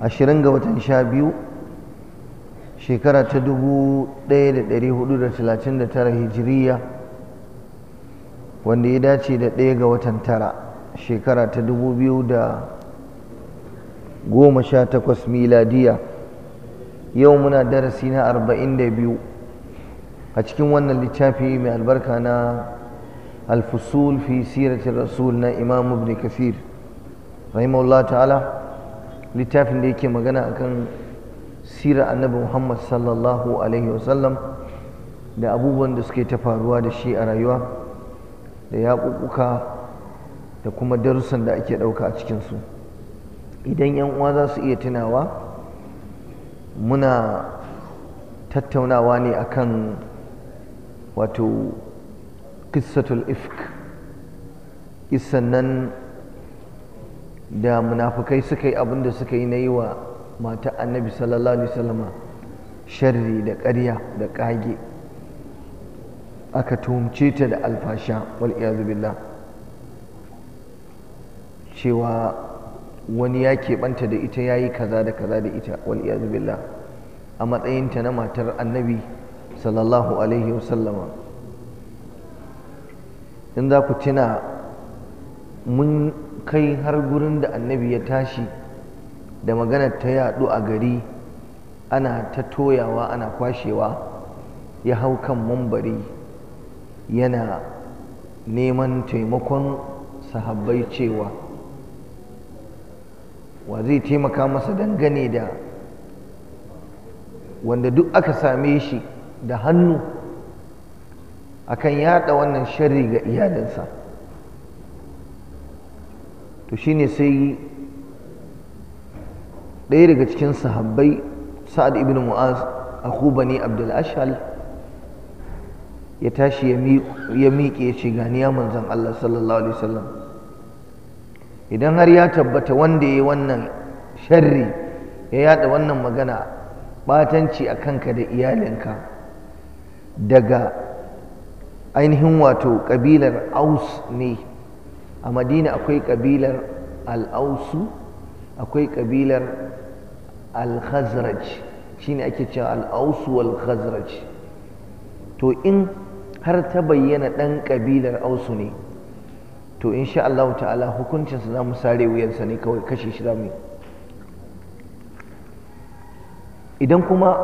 ashirin ga watan sha biyu shekara ta dubu ɗaya da ɗari hudu da talatin da tara hijiriya wanda ya dace da ɗaya ga watan tara shekara ta dubu biyu da goma sha takwas miladiya yau muna darasi na arba'in da biyu a cikin wannan littafi mai albarka na alfusul fi siratin rasul na imam ibn kasir rahimahullah ta'ala littafin da yake magana akan sirar annabi muhammad sallallahu alaihi wasallam da abubuwan da suke ta faruwa da shi a rayuwa da yaƙuƙuka da kuma darussan da ake ɗauka a cikinsu idan yan uwa za su iya tunawa muna tattaunawa ne akan wato kissatul ifk kissan da munafukai suka yi abin da suka yi na yi wa mata annabi sallallahu alaihi wasallama sharri da ƙarya da ƙage aka tuhumce ta da alfasha wal billah cewa wani ya keɓanta da ita ya yi kaza da kaza da ita wal billah a matsayinta na matar annabi sallallahu alaihi wasallama in za ku tuna mun kai har gurin da annabi ya tashi da maganar ta yaɗu a gari ana ta toyawa ana kwashewa ya hau kan mambari yana neman taimakon sahabbai cewa wa zai taimaka masa dangane da wanda duk aka same shi da hannu akan yada wannan shari ga iyalinsa to shine sai ɗaya daga cikin sahabbai sa'ad ibn mu'az a Kubani abdul ashal ya tashi ya miƙe ya ce ganiya manzan Allah sallallahu alaihi wasallam idan har ya tabbata wanda ya yi wannan sharri ya yada wannan magana batanci a kanka da iyalinka daga ainihin wato ƙabilar aus ne a madina akwai ƙabilar al'ausu akwai ƙabilar al-khazraj shine ake cewa al'ausu wal khazraj to in har ta bayyana ɗan kabilar ausu ne to insha Allah ta'ala hukuncinsa za mu sare wuyansa ne kawai kashe shi mu idan kuma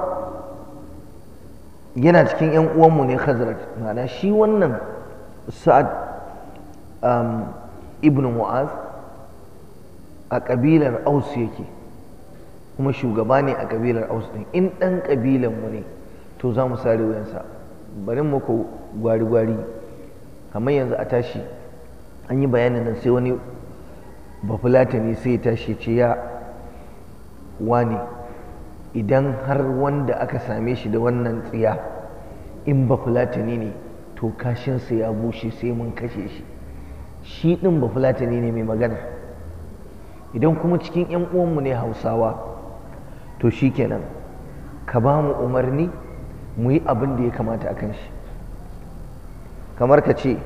yana cikin 'yan uwanmu ne khazraj ma'ana shi wannan sa'ad um, ibn mu'az a ƙabilar aus yake kuma shugaba ne a ƙabilar aus ɗin in ɗan ƙabilar mu ne to za mu sare wuyansa bari muku gwari-gwari kamar yanzu a tashi an yi bayanin nan sai wani bafulata ne sai tashi ce ya wani idan har wanda aka same shi da wannan tsiya in bafulatani ne to kashinsa ya bushe sai mun kashe shi shi ɗin ba fulatani ne mai magana idan kuma cikin 'yan uwanmu ne hausawa to shi kenan ka ba mu umarni mu yi abin da ya kamata a kan shi kamar ka ce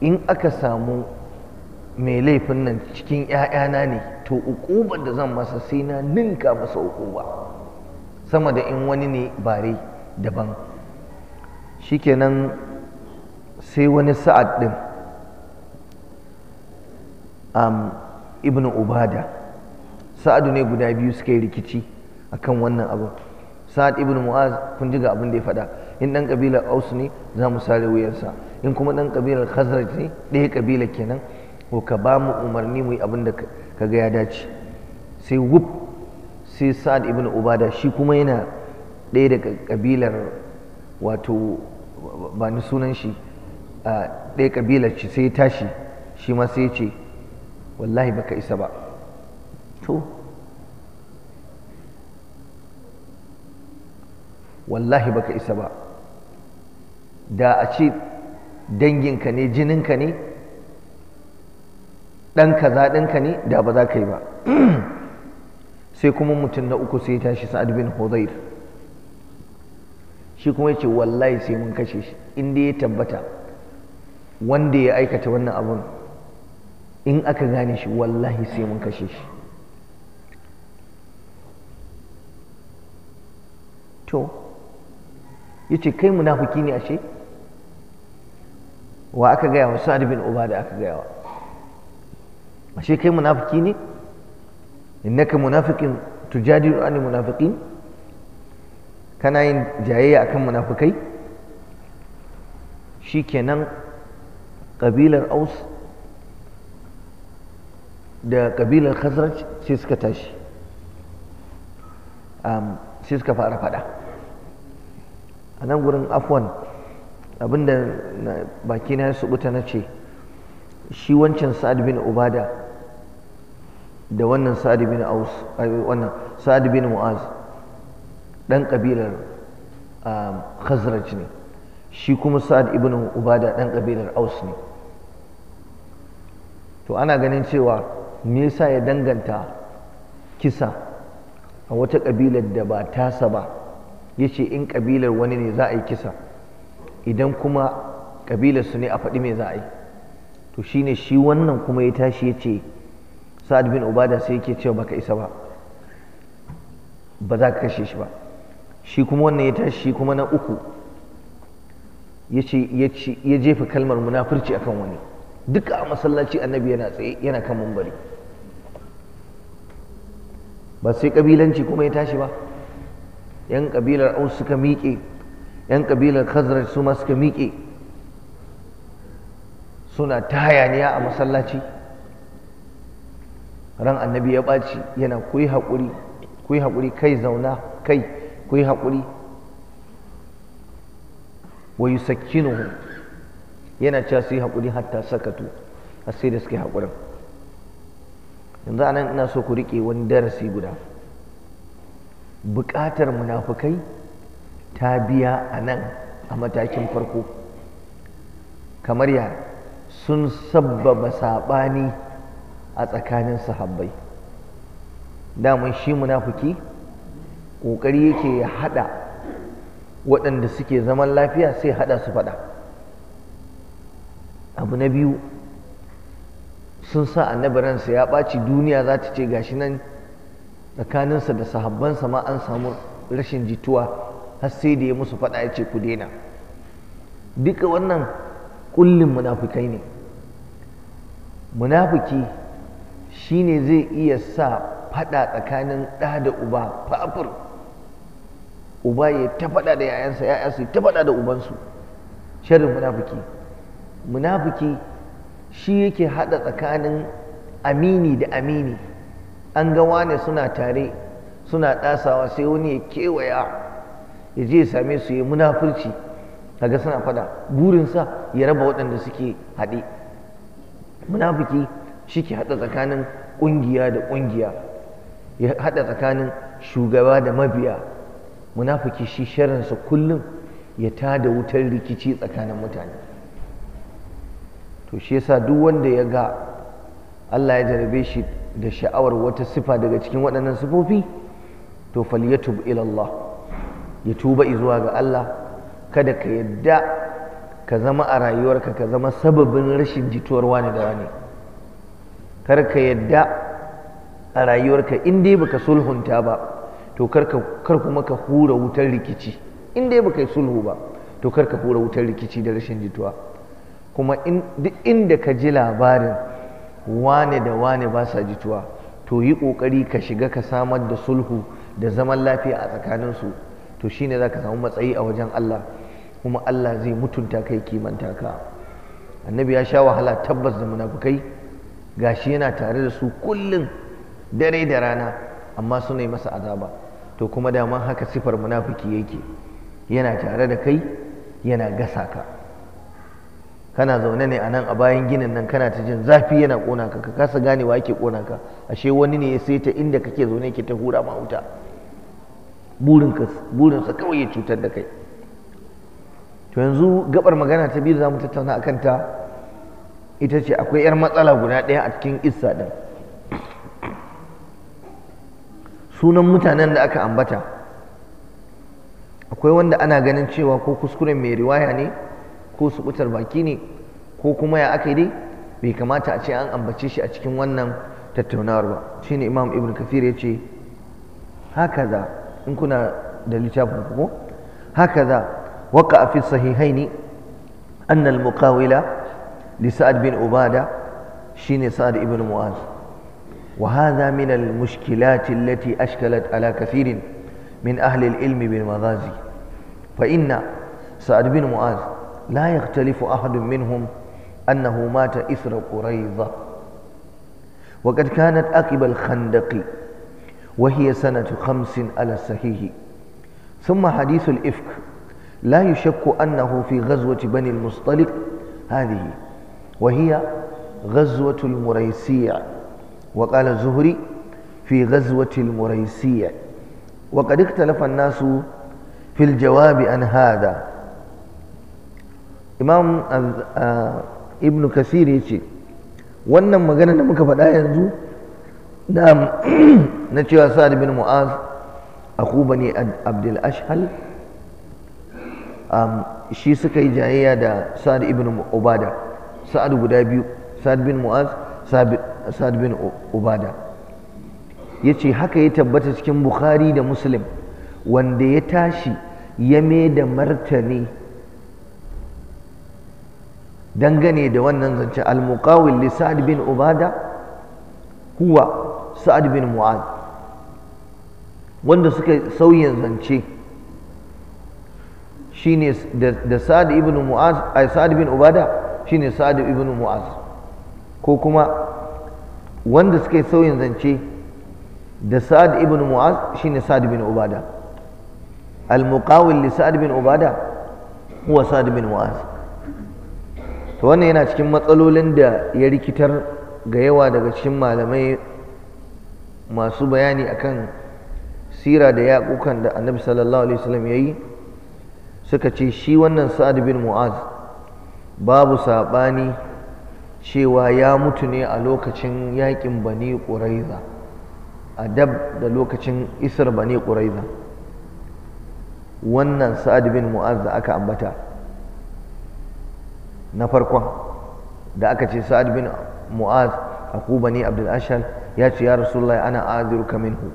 in aka samu mai laifin nan cikin 'ya'yana ne to ukubar da zan masa sai na ninka masa ukuba sama da in wani ne bare daban shi kenan sai wani sa'ad ɗin um, ibn ubada sa'adu ne guda biyu suka yi rikici akan wannan abu sa'ad ibn mu'az kun ji ga abin da ya faɗa in ɗan ƙabilar aus ne za mu sare wuyarsa in kuma ɗan ƙabilar khazraj ne ɗaya ƙabila kenan ko ka ba mu umarni mu yi abin da ka ga ya dace sai wuf sai sa'ad ibn ubada shi kuma yana ɗaya daga ƙabilar wato ba ni sunan shi ɗaya ƙabilar shi sai tashi shi ma sai ce wallahi baka isa ba to wallahi baka isa ba da a ce danginka ne jininka ne dan kaza ne da ba za ka yi ba sai kuma mutum na uku sai ya tashi sa'ad bin hudair shi kuma yace, wallahi sai mun kashe shi inda ya tabbata wanda ya aikata wannan abun in aka gane shi wallahi sai mun kashe shi to yace kai munafiki ne ashe wa aka gaya wa sa'ad bin ubada aka gaya wa ashe kai munafiki ne innaka munafiqin tujadilu anil munafiqin kana yin jayayya akan munafikai shikenan kabilar aus da ƙabilar khazraj sai suka tashi sai suka fara fada a nan gurin afwan abinda baki na ya subuta na ce shi wancan sa'ad bin ubada da wannan sa'ad bin aus wannan sa'ad bin mu'az dan kabilar khazraj ne shi kuma sa'ad ibn ubada dan kabilar aus ne to ana ganin cewa me yasa ya danganta kisa a wata ƙabilar da ba tasa ba ya in kabilar wani ne za a yi kisa idan kuma ƙabilar su ne a faɗi mai za a yi to shine shi wannan kuma ya tashi ya ce sa'ad bin ubada sai yake cewa baka isa ba ba za ka kashe shi ba shi kuma wannan ya tashi kuma na uku ya jefa kalmar munafurci akan wani duka a masallaci annabi yana tsaye yana kan mumbari ba sai kabilanci kuma ya tashi ba yan kabilar aus suka miƙe yan kabilar khazraj su ma suka miƙe suna ta hayaniya a masallaci ran annabi ya ɓaci yana kuyi haƙuri kuyi haƙuri kai zauna kai kuyi haƙuri wa yusakkinuhum yana cewa su yi haƙuri hatta sakatu a sai da suke haƙurin yanzu anan ina so ku riƙe wani darasi guda buƙatar munafukai ta biya a nan a matakin farko kamar ya sun sabbaba saɓani a tsakanin sahabbai damun shi munafuki ƙoƙari yake ya haɗa waɗanda suke zaman lafiya sai haɗa su faɗa abu na biyu sun sa annabi ransa ya ɓaci duniya za ta ce gashi nan tsakaninsa da sahabbansa ma an samu rashin jituwa har sai da ya musu faɗa ya ce ku daina duka wannan kullin munafukai ne munafiki shine zai iya sa faɗa tsakanin ɗa da uba fafur uba ya ta faɗa da 'ya'yansa 'ya'yansu ta faɗa da ubansu sharin munafiki munafiki shi yake haɗa tsakanin amini da amini an ga wane suna tare suna ɗasawa sai wani ya kewaya ya je same su ya munafurci kaga suna fada burinsa ya raba waɗanda suke haɗe munafiki shi ke haɗa tsakanin ƙungiya da ƙungiya ya haɗa tsakanin shugaba da mabiya munafiki shi sharinsa kullum ya tada wutar rikici tsakanin mutane to shi yasa duk wanda ya ga Allah ya jarabe shi da sha'awar wata sifa daga cikin waɗannan sifofi to falyatub ila ya tuba zuwa ga Allah kada ka yadda ka zama a rayuwarka ka zama sababin rashin jituwar wani da wani kar ka yadda a rayuwarka in dai baka sulhunta ba to kar kuma ka hura wutar rikici in dai baka yi sulhu ba to kar ka hura wutar rikici da rashin jituwa kuma duk inda ka ji labarin wane da wane ba sa jituwa to yi ƙoƙari ka shiga ka samar da sulhu da zaman lafiya a tsakaninsu to shi ne za ka samu matsayi a wajen Allah kuma Allah zai mutunta kai kimanta ka annabi ya sha wahala tabbas da munafukai gashi yana tare da su kullum dare da rana amma suna yi masa azaba to kuma daman haka sifar munafuki yake yana tare da kai yana gasa ka kana zaune ne a nan a bayan ginin nan kana ta jin zafi yana ƙona ka ka kasa gane wa yake ƙona ka ashe wani ne ya saita inda kake zaune ke ta hura ma wuta burinsa kawai ya cutar da kai to yanzu gabar magana ta biyu za mu tattauna a kanta ita ce akwai 'yar matsala guda ɗaya a cikin isa ɗin sunan mutanen da aka ambata akwai wanda ana ganin cewa ko kuskuren mai riwaya ne ko subutar baki ne ko kuma ya aka dai bai kamata a ce an ambace shi a cikin wannan tattaunawar ba shine imam ibn kafir ya ce haka za in kuna da littafin ko haka za waka a fi sahihaini annal mukawila li sa'ad bin ubada shine sa'ad ibn mu'az wa hadha min al mushkilat allati ashkalat ala kathirin min ahli al ilmi bil maghazi fa inna sa'ad bin mu'az لا يختلف أحد منهم أنه مات إثر قريظة وقد كانت عقب الخندق وهي سنة خمس على الصحيح ثم حديث الإفك لا يشك أنه في غزوة بني المصطلق هذه وهي غزوة المريسيع وقال الزهري في غزوة المريسيع وقد اختلف الناس في الجواب عن هذا imam Ibn kasir ya ce wannan magana da muka faɗa yanzu na cewa sa'ad bin mu'az Akubani bani abdul shi suka yi jayayya da sa'ad ibn ubada sa'ad guda biyu sa'ad bin mu'az sa'ad bin ubada ya ce haka ya tabbata cikin bukhari da muslim wanda ya tashi ya mai da martani dangane da wannan zance al-muqawil li sa'ad bin ubada huwa sa'ad bin mu'ad wanda suka sauyin zance shine da sa'ad ibn mu'az ai sa'ad bin ubada shine sa'ad ibn mu'az ko kuma wanda suka yi sauyin zance da sa'ad ibn mu'az shine sa'ad bin ubada al-muqawil li sa'ad bin ubada huwa sa'ad bin mu'az to wannan yana cikin matsalolin da ya rikitar ga yawa daga cikin malamai masu bayani akan sira da yaƙukan da annabi sallallahu alaihi wasallam ya yi suka ce shi wannan sa'ad bin mu'az babu saɓani cewa ya mutu ne a lokacin yaƙin bani ƙuraiza a dab da lokacin isar bani ƙuraiza wannan sa'ad bin mu'az da aka ambata na farkon da aka ce sa'ad bin mu'az a ne abdul ashal ya ce ya rasulullah ana aziruka minhu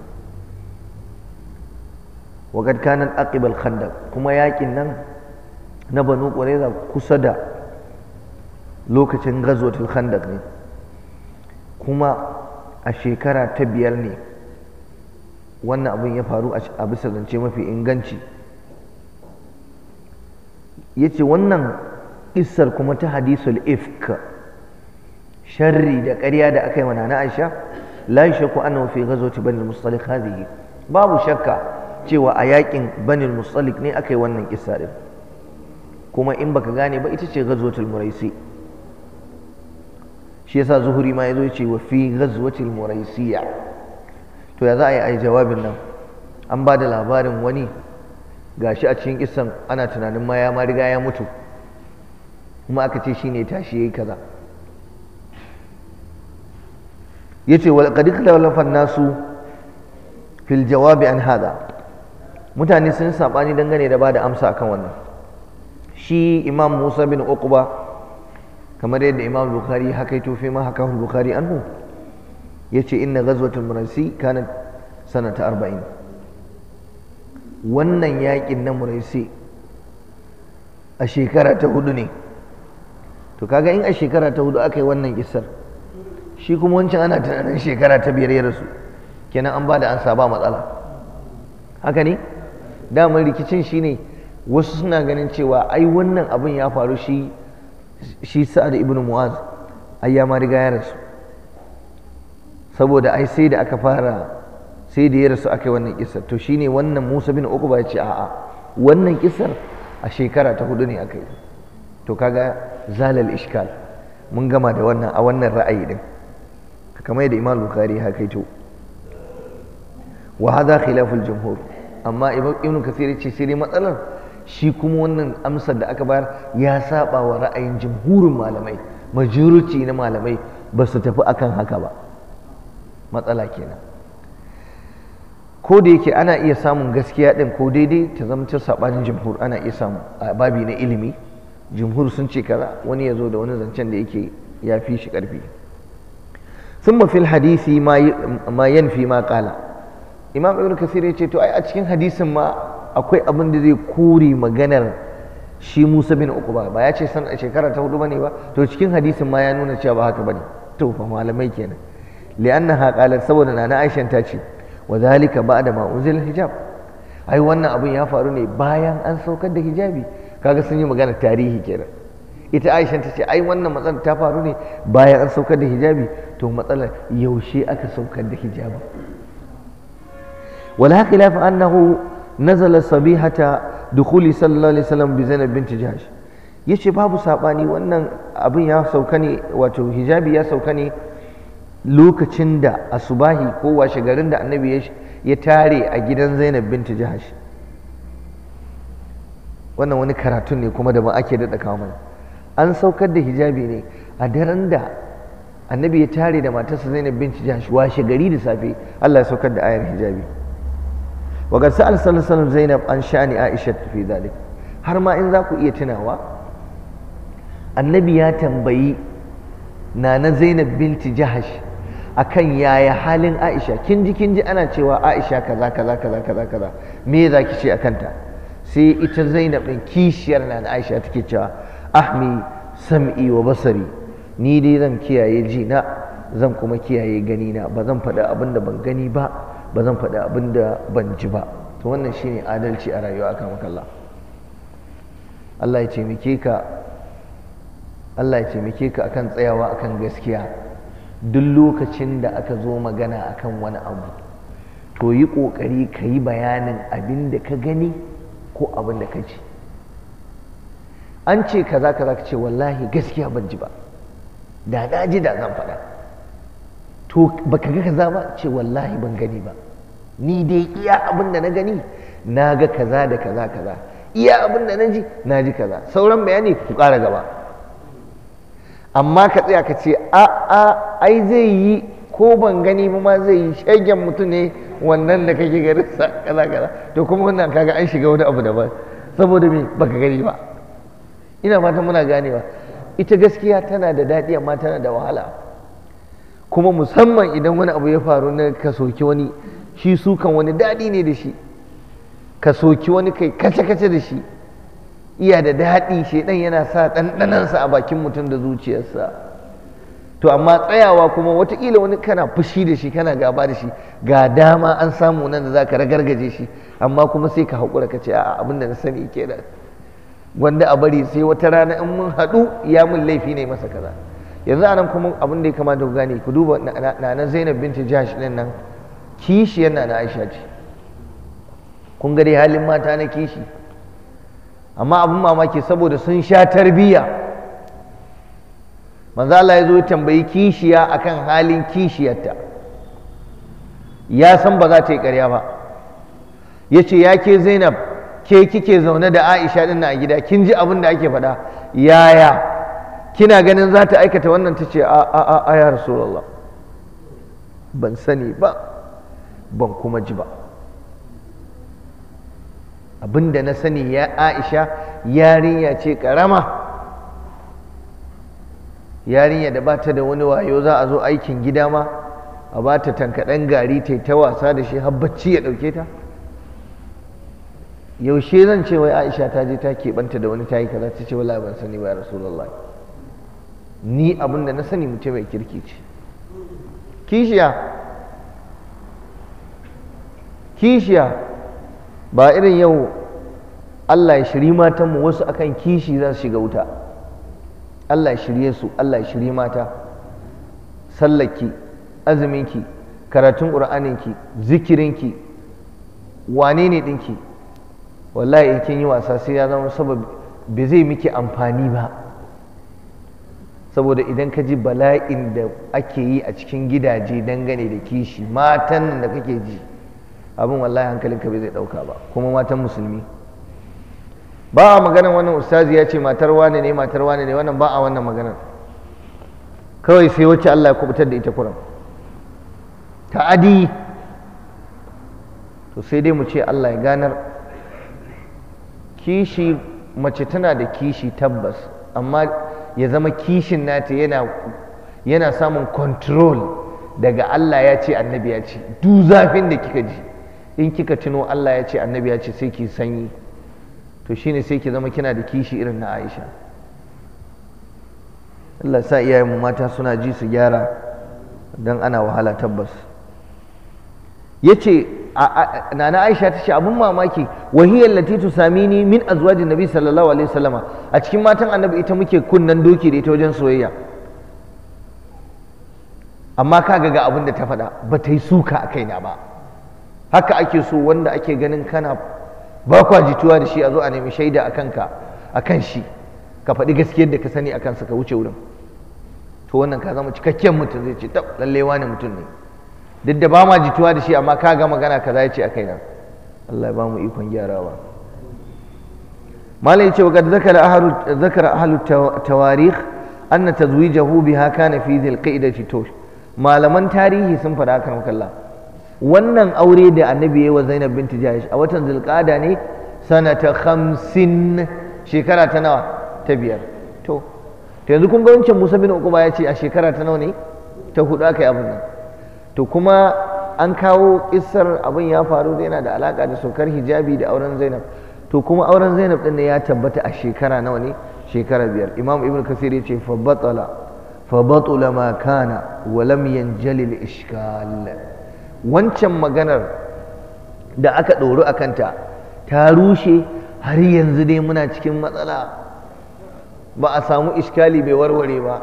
wa kad kana aqibal khandaq kuma yakin nan na banu qurayza kusa da lokacin ghazwatul khandaq ne kuma a shekara ta biyar ne wannan abin ya faru a bisa zance mafi inganci ya ce wannan kisar kuma ta hadisul ifk sharri da ƙarya da aka yi mana na Aisha la shakku annahu fi ghazwati bani al-mustalik hadhihi babu shakka cewa a yakin bani al-mustalik ne aka yi wannan kissa din kuma in baka gane ba ita ce ghazwatul muraisi shi yasa zuhuri ma yazo yace wa fi ghazwatil muraisiya to ya za a yi ai jawabin nan an ba da labarin wani gashi a cikin kissan ana tunanin ma ya ma riga ya mutu kuma aka ce shine tashi yayi kaza yace wal qad ikhtalafa nasu fil jawabi an hada mutane sun sabani dangane da bada amsa akan wannan shi imam Musa bin Uqba kamar yadda imam Bukhari haka yato fi ma haka Bukhari anhu yace inna ghazwatul muraysi kanat sanata 40 wannan yakin na muraysi a shekara ta hudu ne to kaga in a shekara ta hudu aka yi wannan kisar shi kuma wancan ana tunanin shekara ta biyar ya rasu kenan an ba da ansa ba matsala haka ne damar rikicin shine wasu suna ganin cewa ai wannan abin ya faru shi shi sa'ad ibn mu'az ai ya ma riga ya rasu saboda ai sai da aka fara sai da ya rasu aka yi wannan kisar to shine wannan musa bin uku ba ya ce a'a wannan kisar a shekara ta hudu ne aka yi to kaga zalal ishkal mun gama da wannan a wannan ra'ayi din kamar yadda imam bukhari ya kaito wa hadha khilaful jumhur amma ibnu kathir yace sai dai matsalar shi kuma wannan amsar da aka bayar ya saba wa ra'ayin jumhurin malamai majority na malamai ba su tafi akan haka ba matsala kenan ko da yake ana iya samun gaskiya din ko daidai ta zama sabanin jumhur ana iya samu a babi na ilimi jumhur sun ce kaza wani ya zo da wani zancen da yake ya fi shi karfi sun fil hadisi ma yan fi ma kala imam ibn kasir ya ce to ai a cikin hadisin ma akwai abin da zai kore maganar shi musa bin ukuba ba ya ce san a shekara ta hudu bane ba to cikin hadisin ma ya nuna cewa ba haka bane to fa malamai kenan annaha qalat saboda nana aisha ta ce wa zalika ba'da ma unzila hijab ai wannan abun ya faru ne bayan an saukar da hijabi kaga sun yi magana tarihi kenan ita aisha ta ce ai wannan matsalar ta faru ne bayan an saukar da hijabi to matsalar yaushe aka saukar da hijabi wala khilaf annahu nazala sabihata dukhuli sallallahu alaihi wasallam bi zainab bint jahsh yace babu sabani wannan abin ya sauka ne wato hijabi ya sauka ne lokacin da asubahi ko washe garin da annabi ya tare a gidan zainab bint jahsh wannan wani karatun ne kuma da ba ake daɗa kawo an saukar da hijabi ne a daren da annabi ya tare da matarsa zainab binci jahash washe gari da safe Allah ya saukar da ayar hijabi wa qad sa'al sallallahu zainab an sha ni aisha fi dhalik har ma in za ku iya tunawa annabi ya tambayi nana zainab binti a akan yaya halin aisha kin ji ana cewa aisha kaza kaza kaza kaza kaza me za ki ce akan ta sai ita zainab ɗin kishiyar na da aisha take cewa ahmi sam'i wa basari ni dai zan kiyaye jina zan kuma kiyaye ganina ba zan faɗi abin da ban gani ba ba zan faɗi abin da ban ji ba to wannan shine adalci a rayuwa akan makalla Allah ya taimake ka Allah ya taimake ka akan tsayawa akan gaskiya duk lokacin da aka zo magana akan wani abu to yi ƙoƙari ka yi bayanin abin da ka gani ko abin da ka ji an ce kaza kaza ka ce wallahi gaskiya ban ji ba da na ji da zan faɗa to baka ga kaza ba ce wallahi ban gani ba ni dai iya abin da na gani na ga kaza da kaza kaza iya abin da na ji na ji kaza sauran bayani ku ƙara gaba amma ka tsaya ka ce a a ai zai yi ko ban gani ba ma zai yi shagen mutum ne wannan da kake ganin sa kaza kaza to kuma wannan kaga an shiga wani abu daban saboda me baka gani ba ina fatan muna ganewa ita gaskiya tana da daɗi amma tana da wahala kuma musamman idan wani abu ya faru na ka soki wani shi sukan wani daɗi ne da shi ka soki wani kai kace-kace da shi iya da daɗi shedan yana sa ɗanɗanansa a bakin mutum da zuciyarsa to amma tsayawa kuma watakila wani kana fushi da shi kana gaba da shi ga dama an samu nan da zaka ragargaje shi amma kuma sai ka haƙura ka ce a abin da na sani ke da. wanda a bari sai wata rana in mun haɗu ya mun laifi ne masa kaza yanzu anan kuma abin da ya kamata ku gane ku duba na Zainab binti Jahsh din nan Kishi yana na Aisha ce kun ga dai halin mata na kishi amma abin mamaki saboda sun sha tarbiyya manzo Allah ya zo tambayi kishiya akan halin kishiyarta ya san ba za ta yi ƙarya ba ya ce ya ke zainab ke kike zaune da aisha din a gida kin ji abin da ake faɗa yaya kina ganin za ta aikata wannan ta ce a a a ya ban sani ba ban kuma ji ba abin da na sani ya aisha yarinya ce ƙarama yarinya da bata da wani wayo za a zo aikin gida ma a bata tankaɗen gari ta ta wasa da shi har ya ɗauke ta yaushe zan ce wai aisha ta je ta banta da wani tayi yi kaza ta ce wala ban sani ba ya ni abin da na sani mutum mai kirki ce kishiya kishiya ba irin yau Allah ya shiri matanmu wasu akan kishi za su shiga wuta Allah ya shirye su Allah ya shirye mata sallaki azuminki karatun qur'aninki, zikirinki wane ne ɗinki wallahi in kin yi wasa sai ya zama saboda bai zai miki amfani ba saboda idan ka ji bala'in da ake yi a cikin gidaje dangane da kishi matan da kake ji abin wallahi hankalinka bai zai ɗauka ba kuma matan musulmi ba a maganan wannan ustazi ya ce matar wane ne matar wane ne wannan ba a wannan maganar kawai sai wacce Allah ya kubutar da ita kuran ta'adi to sai dai mu ce Allah ya ganar kishi mace tana da kishi tabbas amma ya zama kishin nata yana yana samun control daga Allah ya ce annabi ya ce duk zafin da kika ji in kika tuno Allah ya ce annabi ya ce sai ki sanyi to shine sai ki zama kina da kishi irin na Aisha Allah sa iyayen mu mata suna ji su gyara dan ana wahala tabbas yace nana Aisha ta ce abun mamaki wahiyar lati tusamini min azwajin nabi sallallahu alaihi wasallama a cikin matan annabi ita muke kunnan doki da ita wajen soyayya amma ka ga abin da ta faɗa ba ta yi suka a kaina ba haka ake so wanda ake ganin kana ba kwa jituwa da shi a zo a nemi shaida a kanka a kan shi ka faɗi gaskiyar da ka sani a kansa ka wuce wurin to wannan ka zama cikakken mutum zai ce tab lalle wani mutum ne duk da ba ma jituwa da shi amma ka ga magana kaza ya ce a kaina Allah ya ba mu ikon gyarawa malai ce wa kad zakara ahlu zakara ahlu tawarikh anna tazwijahu biha kana fi dhil qa'idati to malaman tarihi sun faɗa kan kallah wannan aure da annabi ya yi wa zainab Bin tijayish a watan zulqada ne sanata hamsin shekara ta nawa ta biyar to to yanzu kun ga wancan musa bin uquba ya ce a shekara ta nawa ne ta hudu aka yi abin nan to kuma an kawo kissar abin ya faru da yana da alaka da saukar hijabi da auren zainab to kuma auren zainab din ne ya tabbata a shekara nawa ne shekara biyar imam ibn kasir ya ce fa batala fa batula ma kana wa lam yanjali al-ishkal wancan maganar da aka ɗoru a kanta ta rushe har yanzu dai muna cikin matsala ba a samu iskali bai warware ba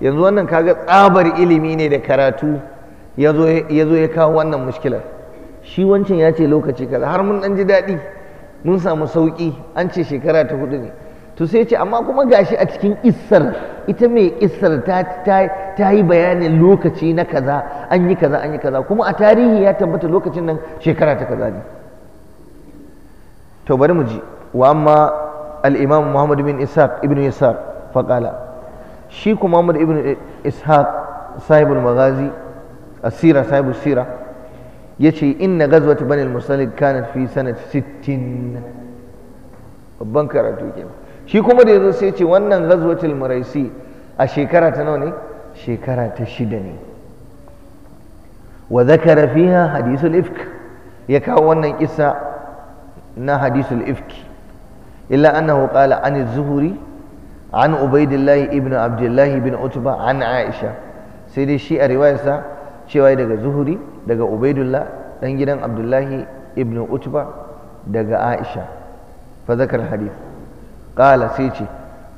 yanzu wannan kaga tsabar ilimi ne da karatu ya zo ya kawo wannan mushkilar shi wancan ya ce lokaci kaza har mun ɗan ji daɗi mun samu sauƙi an ce shekara ta hudu ne to sai ce amma kuma gashi a cikin isar ita mai isar ta yi bayanin lokaci na kaza an yi kaza an yi kaza kuma a tarihi ya tabbata lokacin nan shekara ta kaza ne to bari mu ji wa amma al-imam Muhammad bin Ishaq ibn Ishaq faqala shi kuma Muhammad ibn Ishaq sahibul magazi asira sahibul sira yace inna ghazwat bani al-musallik kanat fi sanat 60 babban karatu kenan shi kuma da yazo sai ce wannan ghazwatul muraisi a shekara ta nawa ne shekara ta shida ne wa zakara fiha hadisul ifk ya kawo wannan kisa na hadisul ifk illa annahu qala an az-zuhri an ubaidillah ibn abdullah ibn utba an aisha sai dai shi a riwayarsa cewa daga zuhuri daga ubaidullah dan gidan abdullahi ibn utba daga aisha fa zakar hadith ƙala sai ce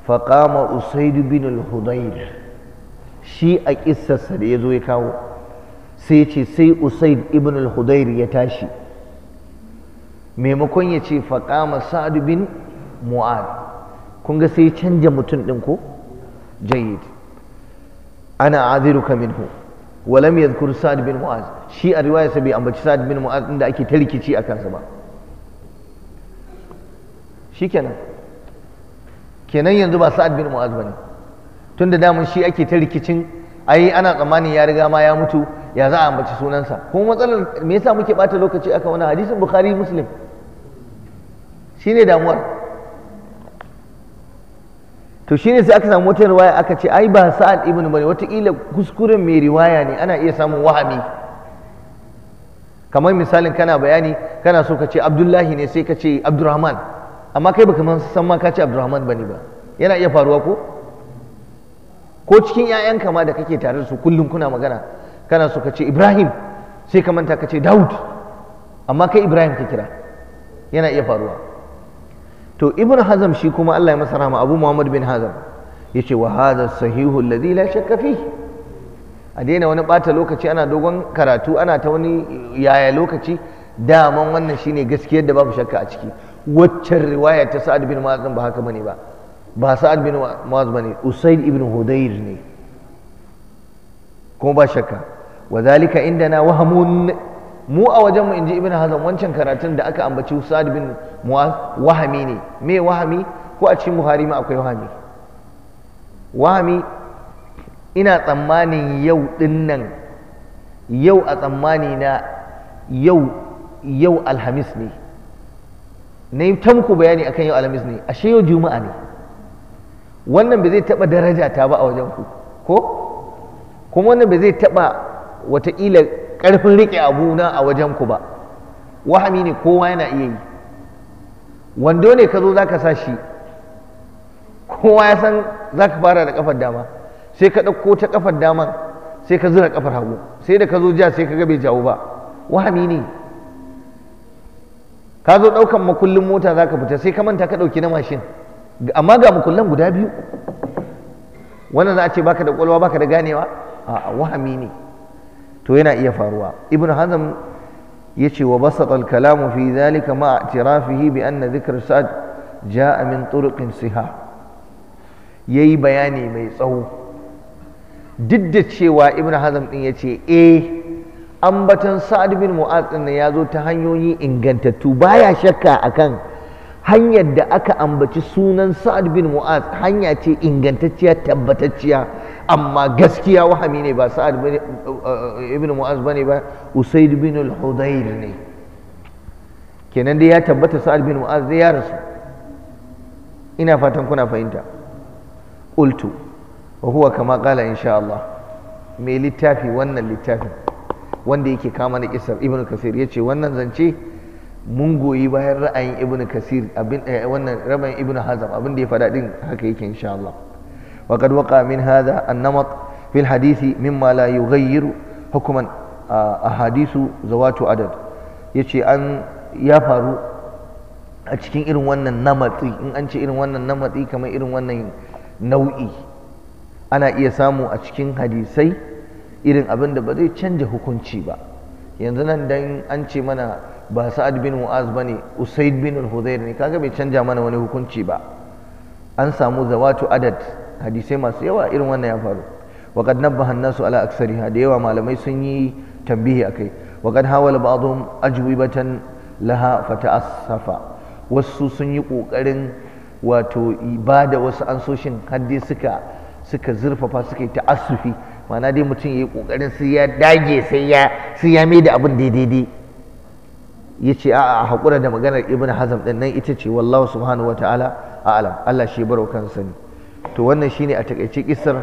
faƙama usaidu bin al-hudayr shi a ƙissarsa da ya zo ya kawo sai ce sai usaid ibn al-hudayr ya tashi maimakon ya ce faƙama sa'ad bin mu'ad kun ga sai canja mutum ɗin ko jayyid ana aziruka minhu walam yadhkur sa'ad bin mu'az shi a riwayarsa bai ambaci sa'ad bin mu'az inda ake ta a kansa ba shikenan kenan yanzu ba sa'ad bin mu'az bane tun da damun shi ake ta rikicin ai ana tsammanin ya riga ma ya mutu ya za a ambaci sunansa kuma matsalar me yasa muke bata lokaci aka wani hadisin bukhari muslim shine damuwar to shine sai aka samu wata riwaya aka ce ai ba sa'ad ibn bane watakila kuskuren mai riwaya ne ana iya samun wahami kamar misalin kana bayani kana so ka ce abdullahi ne sai ka ce abdurrahman amma kai baka man san ma ka ce Abdulrahman bane ba yana iya faruwa ko ko cikin 'ya'yanka ma da kake tare da su kullum kuna magana kana so ka ce Ibrahim sai ka manta ka ce Dawud amma kai Ibrahim ka kira yana iya faruwa to Ibn Hazm shi kuma Allah ya masa rahama Abu Muhammad bin Hazm yace wa hadha sahihu alladhi la shakka fihi a daina wani bata lokaci ana dogon karatu ana ta wani yaya lokaci daman wannan shine gaskiyar da babu shakka a ciki waccan riwaya ta sa'ad bin mu'az ba haka bane ba ba sa'ad bin ba bane usaid ibn hudayr ne kuma ba shakka wa zalika indana wahamun mu a wajenmu inji ibn hazan wancan karatun da aka ambaci sa'ad bin mu'az wahami ne me wahami ko a cikin buhari ma akwai wahami wahami ina tsammanin yau din nan yau a tsammani na yau yau alhamis ne na yi ta muku bayani akan yau alhamis ne ashe yau juma'a ne wannan ba zai taɓa daraja ta ba a wajen ku ko kuma wannan ba zai taɓa watakila ƙarfin riƙe abu na a wajen ku ba wahami ne kowa yana iya yi wando ne ka zo za ka sa shi kowa ya san za ka fara da ƙafar dama sai ka ɗauko ta ƙafar dama sai ka zura ƙafar hagu sai da ka zo ja sai ka ga bai jawo ba wahami ne ka zo ɗaukan makullin mota za ka fita sai ka manta ka ɗauki na mashin amma ga makullan guda biyu wannan za a ce baka da ƙwalwa baka da ganewa a wahami ne to yana iya faruwa ibn hazm ya ce wa basata kalamu fi dhalika ma tirafihi bi anna dhikr Sa'ad ja'a min turuqin siha yayi bayani mai tsawo duk da cewa ibn hazm din ya ce eh ambatan sa'ad bin mu'az din ya zo ta hanyoyi ingantattu baya shakka akan hanyar da aka ambaci sunan sa'ad bin mu'az hanya ce ingantacciya tabbatacciya amma gaskiya wahami ne ba sa'ad eh, ibn mu'az bane ba usaid bin al-hudayr ne kenan dai ya tabbata sa'ad bin mu'az dai ya rasu ina fatan kuna fahimta qultu wa huwa kama qala insha Allah mai littafi wannan littafin wanda yake kama na kisar ibn kasir ya ce wannan zance mun goyi bayan ra'ayin ibn kasir abin eh, wannan ra'ayin ibn hazam abin da ya faɗa din haka yake insha Allah wa qad waqa min hadha an-namat fi al-hadisi mimma la yughayyiru hukuman ahadisu zawatu adad yace an ya faru a cikin irin wannan namatsi in an ce irin wannan namatsi kamar irin wannan nau'i ana iya samu a cikin hadisai irin abin da ba zai canja hukunci ba yanzu nan dan an ce mana ba sa'ad bin mu'az ne, usaid bin al-huzair ne kaga bai canja mana wani hukunci ba an samu zawatu adad hadisai masu yawa irin wannan ya faru وقد نبه nasu على أكثرها ديوا ما sun yi tambihi akai وقد hawala ba'dhum ajwibatan laha fata'assafa wasu sun yi kokarin wato ibada wasu ansoshin hadisi suka suka zurfafa suka yi ta'assufi mana dai mutum ya yi ƙoƙarin sai ya dage sai ya sai ya mai da abin daidai ya ce a haƙura da maganar ibn hazam ɗin nan ita ce wallahu subhanahu wataala a'lam Allah shi baro kan sani to wannan shine a takaice kisar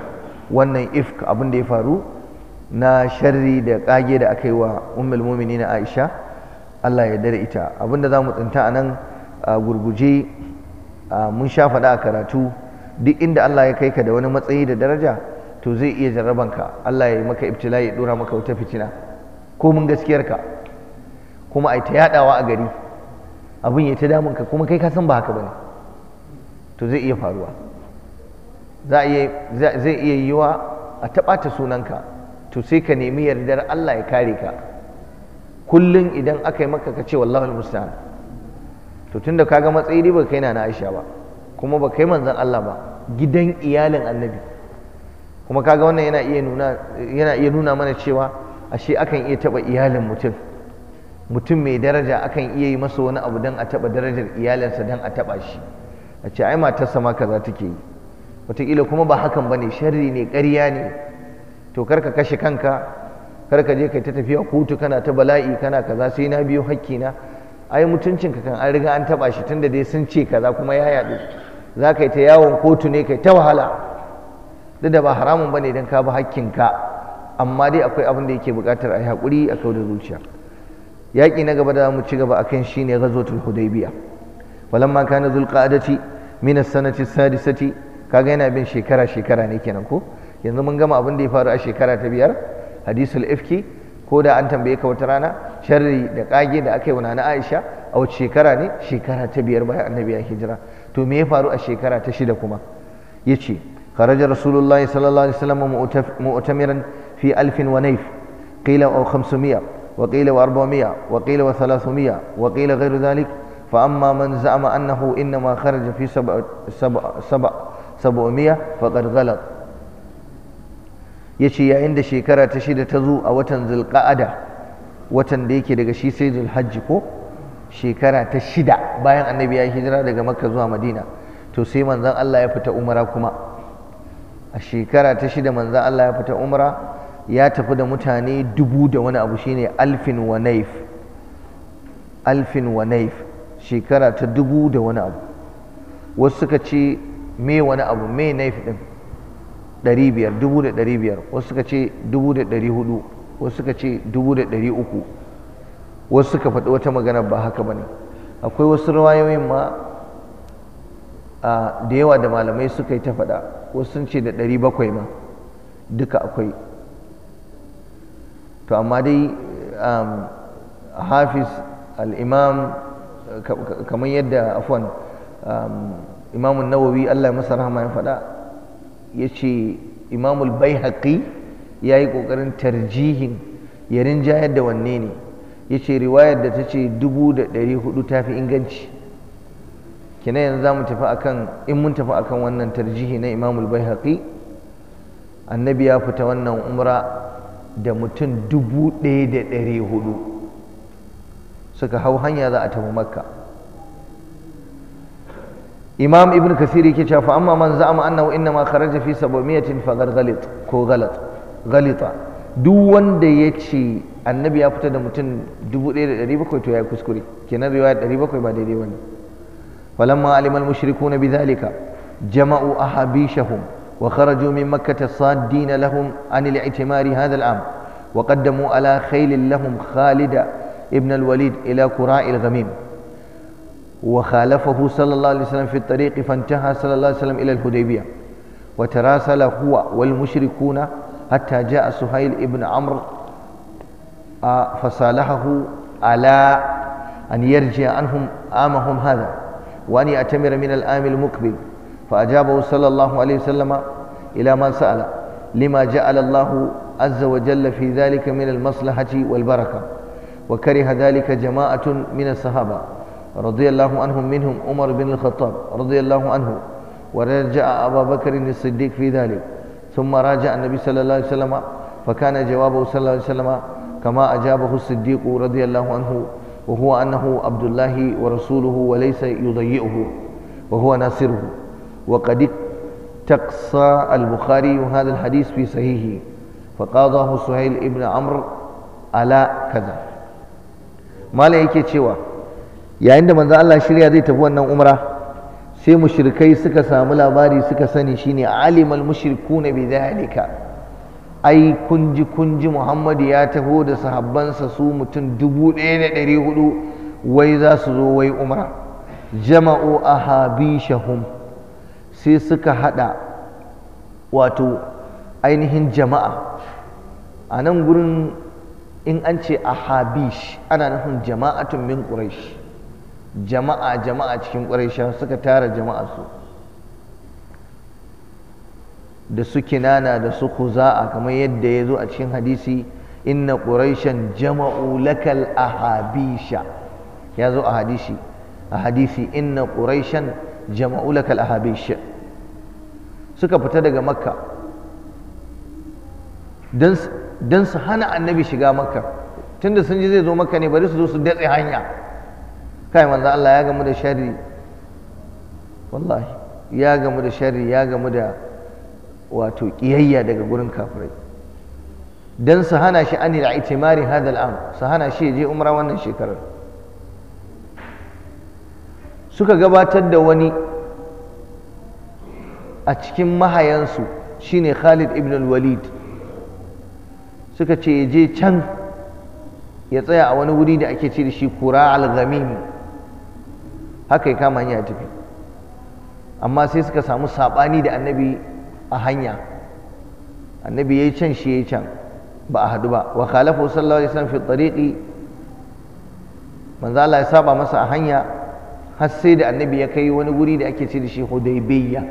wannan ifk abin da ya faru na sharri da ƙage da aka yi wa ummul mu'minin Aisha Allah ya dare ita abin da za mu tsinta a nan a gurguje mun sha faɗa a karatu duk inda Allah ya kai ka da wani matsayi da daraja to zai iya jarrabanka Allah ya yi maka ibtila'i ya dora maka wata fitina ko mun gaskiyarka kuma ai ta yadawa a gari abin ya ta damun ka kuma kai ka san ba haka bane to zai iya faruwa zai iya yiwa a taɓata sunanka to sai ka nemi yardar Allah ya kare ka kullum idan aka yi maka ka ce wallahu almusta'an to tunda ga matsayi ba kai na na Aisha ba kuma ba kai manzon Allah ba gidan iyalin annabi kuma kaga wannan yana iya nuna yana iya nuna mana cewa ashe akan iya taba iyalin mutum mutum mai daraja akan iya yi masa wani abu dan a taba darajar iyalinsa dan a taba shi a ce ai matarsa ma kaza take yi wataƙila kuma ba hakan bane sharri ne ƙarya ne to karka kashe kanka karka je kai ta tafiya kotu kana ta bala'i kana kaza sai na biyo na ai mutuncinka kan an riga an taba shi tunda dai sun ce kaza kuma ya yadu za ka ta yawon kotu ne kai ta wahala duk da ba haramun bane idan ka bi hakkinka amma dai akwai abin da yake buƙatar a yi haƙuri a kawo da zuciya yaƙi na gaba da mu ci gaba a akan shine ne hudaybiya walamma kana zul qa'adati min as-sanati as-sadisati kaga yana bin shekara shekara ne kenan ko yanzu mun gama abin da ya faru a shekara ta biyar hadisul ifki ko da an tambaye ka wata rana sharri da kage da aka yi wa nana Aisha a wace shekara ne shekara ta biyar bayan annabi ya hijira to me ya faru a shekara ta shida kuma yace خرج رسول الله صلى الله عليه وسلم مؤتمرا في ألف ونيف قيل أو خمسمائة وقيل وأربعمائة وقيل وثلاثمائة وقيل غير ذلك فأما من زعم أنه إنما خرج في سبع سبع سبع سبعمائة فقد غلط يشي يا عند شيكرة تشيد تزو أو تنزل القعدة watan da yake daga shi sai zulhajji ko shekara ta shida bayan annabi ya hijira daga makka zuwa madina to sai manzon Allah ya fita umara kuma a shekara ta shida manzo Allah ya fita umra ya tafi da mutane dubu da wani abu shine alfin wa naif alfin wa naif shekara ta dubu da wani abu wasu suka ce me wani abu me naif din ɗari biyar dubu da ɗari biyar wasu suka ce dubu da ɗari hudu wasu suka ce dubu da ɗari uku wasu suka faɗi wata magana ba haka ba ne akwai wasu rawayoyin ma da yawa da malamai suka yi ta faɗa wasu sun ce da ɗari bakwai ma duka akwai to amma dai um, hafiz al'imam kamar yadda afon um, imamun nawawi allah masa rahama ya faɗa ya ce imamul bai haƙi ya yi ƙoƙarin tarjihin ya jayar da wanne ne ya ce riwayar da ta ce dubu da ɗari hudu ta fi inganci kina yanzu mu tafi akan in mun tafi akan wannan tarjihi na Imam al-Baihaqi annabi ya fita wannan umra da mutum dubu ɗaya da ɗari hudu suka hau hanya za a tafi makka imam ibn kasiri ke cewa fa amma man za'ama annahu ma kharaja fi sabumiyatin fa ghalit ko ghalat ghalita duk wanda ya ce annabi ya fita da mutum dubu da bakwai to ya kuskure kenan riwaya 700 bakwai ba daidai ba ne فلما علم المشركون بذلك جمعوا أحابيشهم وخرجوا من مكة صادين لهم عن الاعتمار هذا العام وقدموا على خيل لهم خالد ابن الوليد إلى كراء الغميم وخالفه صلى الله عليه وسلم في الطريق فانتهى صلى الله عليه وسلم إلى الهديبية وتراسل هو والمشركون حتى جاء سهيل ابن عمرو آه، فصالحه على أن يرجع عنهم عامهم هذا وأن يأتمر من الآم المقبل فأجابه صلى الله عليه وسلم إلى ما سأل لما جعل الله عز وجل في ذلك من المصلحة والبركة وكره ذلك جماعة من الصحابة رضي الله عنهم منهم عمر بن الخطاب رضي الله عنه ورجع أبا بكر الصديق في ذلك ثم راجع النبي صلى الله عليه وسلم فكان جوابه صلى الله عليه وسلم كما أجابه الصديق رضي الله عنه وهو أنه عبد الله ورسوله وليس يضيئه وهو ناصره وقد تقصى البخاري هذا الحديث في صحيحه فقاضاه سهيل ابن عمرو على كذا ما yake cewa yayin da manzo Allah shirya zai tafi wannan umra sai mushrikai suka samu labari suka sani shine alimal mushrikuna bidhalika ai kunji kunji muhammadu ya taho da sahabbansa su mutum dubu ɗaya da ɗari hudu wai za su zo wai umra jama'u a ahabishahum sai suka haɗa wato ainihin jama'a a nan gurin in an ce a ahabish ana nufin jama'atun min quraish jama'a jama'a cikin quraisha suka tara jama'a su da su kinana da su a kamar yadda ya zo a cikin hadisi inna ƙurashen jama'u lakal ahabisha ya zo a hadisi a hadisi inna ƙurashen jama'u lakal ahabisha suka fita daga makka don su hana annabi shiga makka tunda sun ji zai zo makka ne bari su zo su datse hanya kai manzo Allah ya gamu da sharri wallahi ya gamu da sharri ya gamu da wato ƙiyayya daga gurin kafirai don su hana shi an da itimari hadal am su hana shi je umra wannan shekarar suka gabatar da wani a cikin mahayansu shine Khalid ibn walid suka ce ya je can ya tsaya a wani wuri da ake ce da shi kura al-ghamim haka ya kama hanya tafi amma sai suka samu saɓani da annabi a hanya annabi yi can shi yi can ba a hadu ba wa khalafu sallallahu alaihi wasallam fi tariqi manzo Allah ya saba masa a hanya har sai da annabi ya kai wani guri da ake ce da shi Hudaybiyya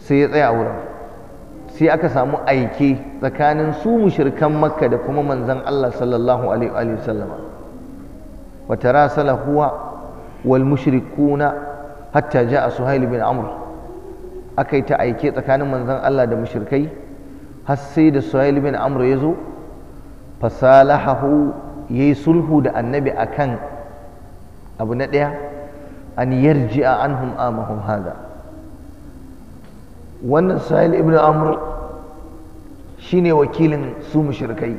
sai ya tsaya a wurin sai aka samu aike tsakanin su mushrikan makka da kuma manzon Allah sallallahu alaihi wasallam wa tarasalahu wal mushrikuna hatta jaa suhail bin amr aka yi ta aike tsakanin manzon Allah da mushrikai har sai da Suhail bin Amr ya zo fasalahahu yayi sulhu da annabi akan abu na ɗaya an yarji'a anhum amahum hada wannan Suhail ibn Amr shine wakilin su mushrikai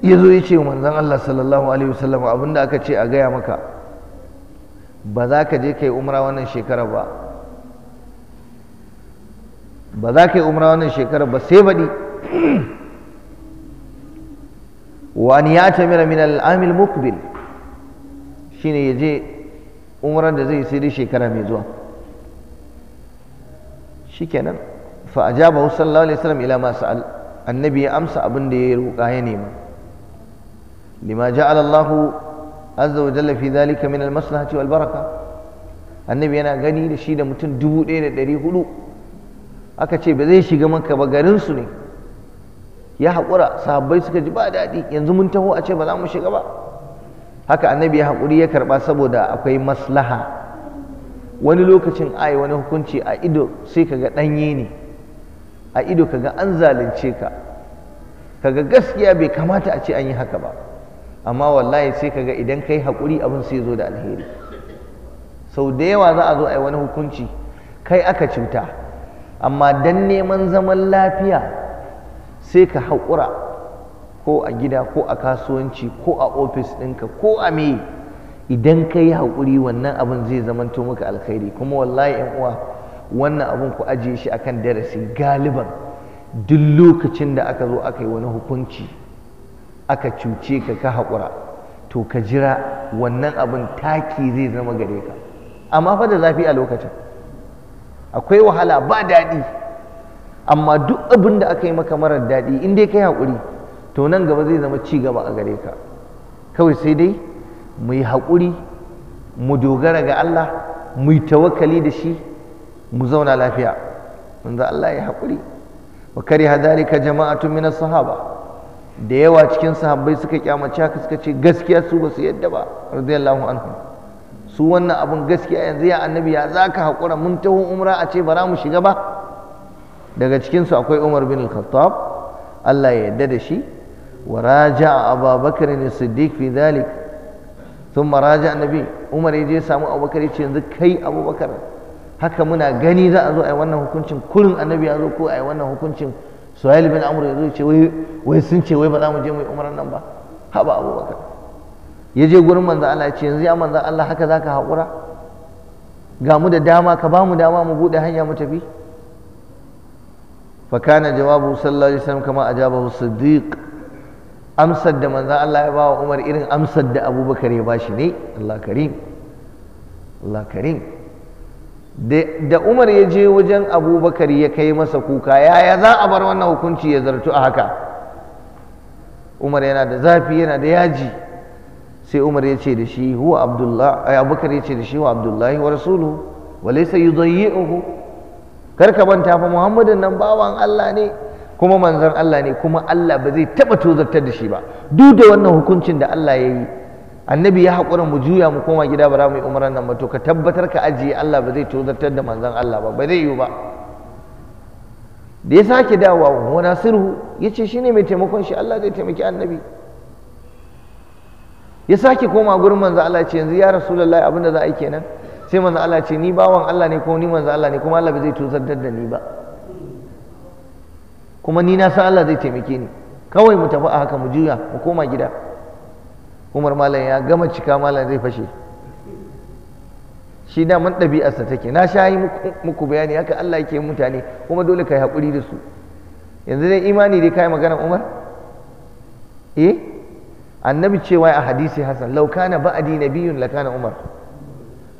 ya zo ya ce manzon Allah sallallahu alaihi wasallam abinda aka ce a gaya maka ba za ka je kai umra wannan shekara ba ba za ka yi umra wannan shekarar ba sai baɗi wa an ya ce min al'amil mukbil shine ya je umran da zai sai shekara mai zuwa shikenan fa ajabahu sallallahu alaihi wasallam ila ma sa'al annabi ya amsa abin da ya yi ya nema lima ja'ala Allahu azza wa jalla fi min al-maslahati wal baraka annabi yana gani da shi da mutum dubu ɗaya da ɗari hudu aka ce ba zai shiga maka ba garinsu ne ya haƙura sahabbai suka ji ba daɗi yanzu mun taho a ce ba za mu shiga ba haka annabi ya haƙuri ya karɓa saboda akwai maslaha wani lokacin ai wani hukunci a ido sai kaga ɗanye ne a ido kaga an zalunce ka kaga gaskiya bai kamata a ce an yi haka ba amma wallahi sai kaga idan kai haƙuri abin sai zo da alheri sau da yawa za a zo a yi wani hukunci kai aka cuta amma dan neman zaman lafiya sai ka haƙura ko a gida ko a kasuwanci ko a ofis ɗinka ko a me idan ka yi haƙuri wannan abin zai zamanto maka alkhairi kuma wallahi yan uwa wannan abin ku ajiye shi akan darasi galiban duk lokacin da aka zo aka yi wani hukunci aka cuce ka ka haƙura to ka jira wannan abin taki zai zama gare ka amma fa da zafi a lokacin akwai wahala ba daɗi amma duk abin da aka yi maka marar daɗi in dai yi haƙuri to nan gaba zai zama ci gaba a gare ka kawai sai dai mu yi haƙuri mu dogara ga Allah mu yi tawakkali da shi mu zauna lafiya manzo Allah ya haƙuri wa kariha jama'a tun min sahaba da yawa cikin sahabbai suka kyamace haka suka ce gaskiya su ba su yadda ba radiyallahu anhu su wannan abun gaskiya yanzu ya annabi ya za ka haƙura mun taho umra a ce ba za mu shiga ba daga cikinsu akwai umar bin al-khattab allah ya yarda da shi wa raja abubakar ne siddiq fi dhalik thumma raja annabi umar ya je samu abubakar ya ce yanzu kai abubakar haka muna gani za a zo a yi wannan hukuncin kurin annabi ya zo ko a yi wannan hukuncin suhail bin Amur ya zo ya ce wai sun ce wai ba za mu je mai yi nan ba haba abubakar ya je gurin manzo Allah ya ce yanzu ya manzo Allah haka zaka haƙura ga mu da dama ka ba mu dama mu buɗe hanya mu tafi fa kana jawabu sallallahu alaihi wasallam kama ajabahu siddiq amsar da manzo Allah ya bawa Umar irin amsar da Abubakar ya bashi ne Allah karim Allah karim da Umar ya je wajen Abubakar ya kai masa kuka yaya za a bar wannan hukunci ya zartu a haka Umar yana da zafi yana da yaji sai Umar ya ce da shi huwa abdullahi ay Abubakar ya ce da shi huwa Abdullahi wa rasuluhu wa laysa yudayyi'uhu kar ka manta fa Muhammadin nan bawan Allah ne kuma manzon Allah ne kuma Allah ba zai taba tozartar da shi ba duk da wannan hukuncin da Allah ya yi annabi ya haƙura mu juya mu koma gida ba mu yi nan ba to ka tabbatar ka ajiye Allah ba zai tozartar da manzon Allah ba ba zai yiwu ba da ya sake dawowa wa ce shi ne mai taimakon shi Allah zai taimaki annabi ya sake koma gurin manzo Allah ce yanzu ya rasulullahi abinda za a yi kenan sai manzo Allah ce ni bawan Allah ne ko ni manzo Allah ne kuma Allah ba zai tuzartar da ni ba kuma ni na san Allah zai taimake ni kawai mu tafi a haka mu juya mu koma gida Umar malam ya gama cika malam zai fashe shi da man ɗabi'arsa take na sha yi muku bayani haka Allah yake mutane kuma dole ka yi haƙuri da su yanzu dai imani dai kai magana Umar eh annabi cewa a hadisi hasan lau kana ba'adi nabiyun la kana umar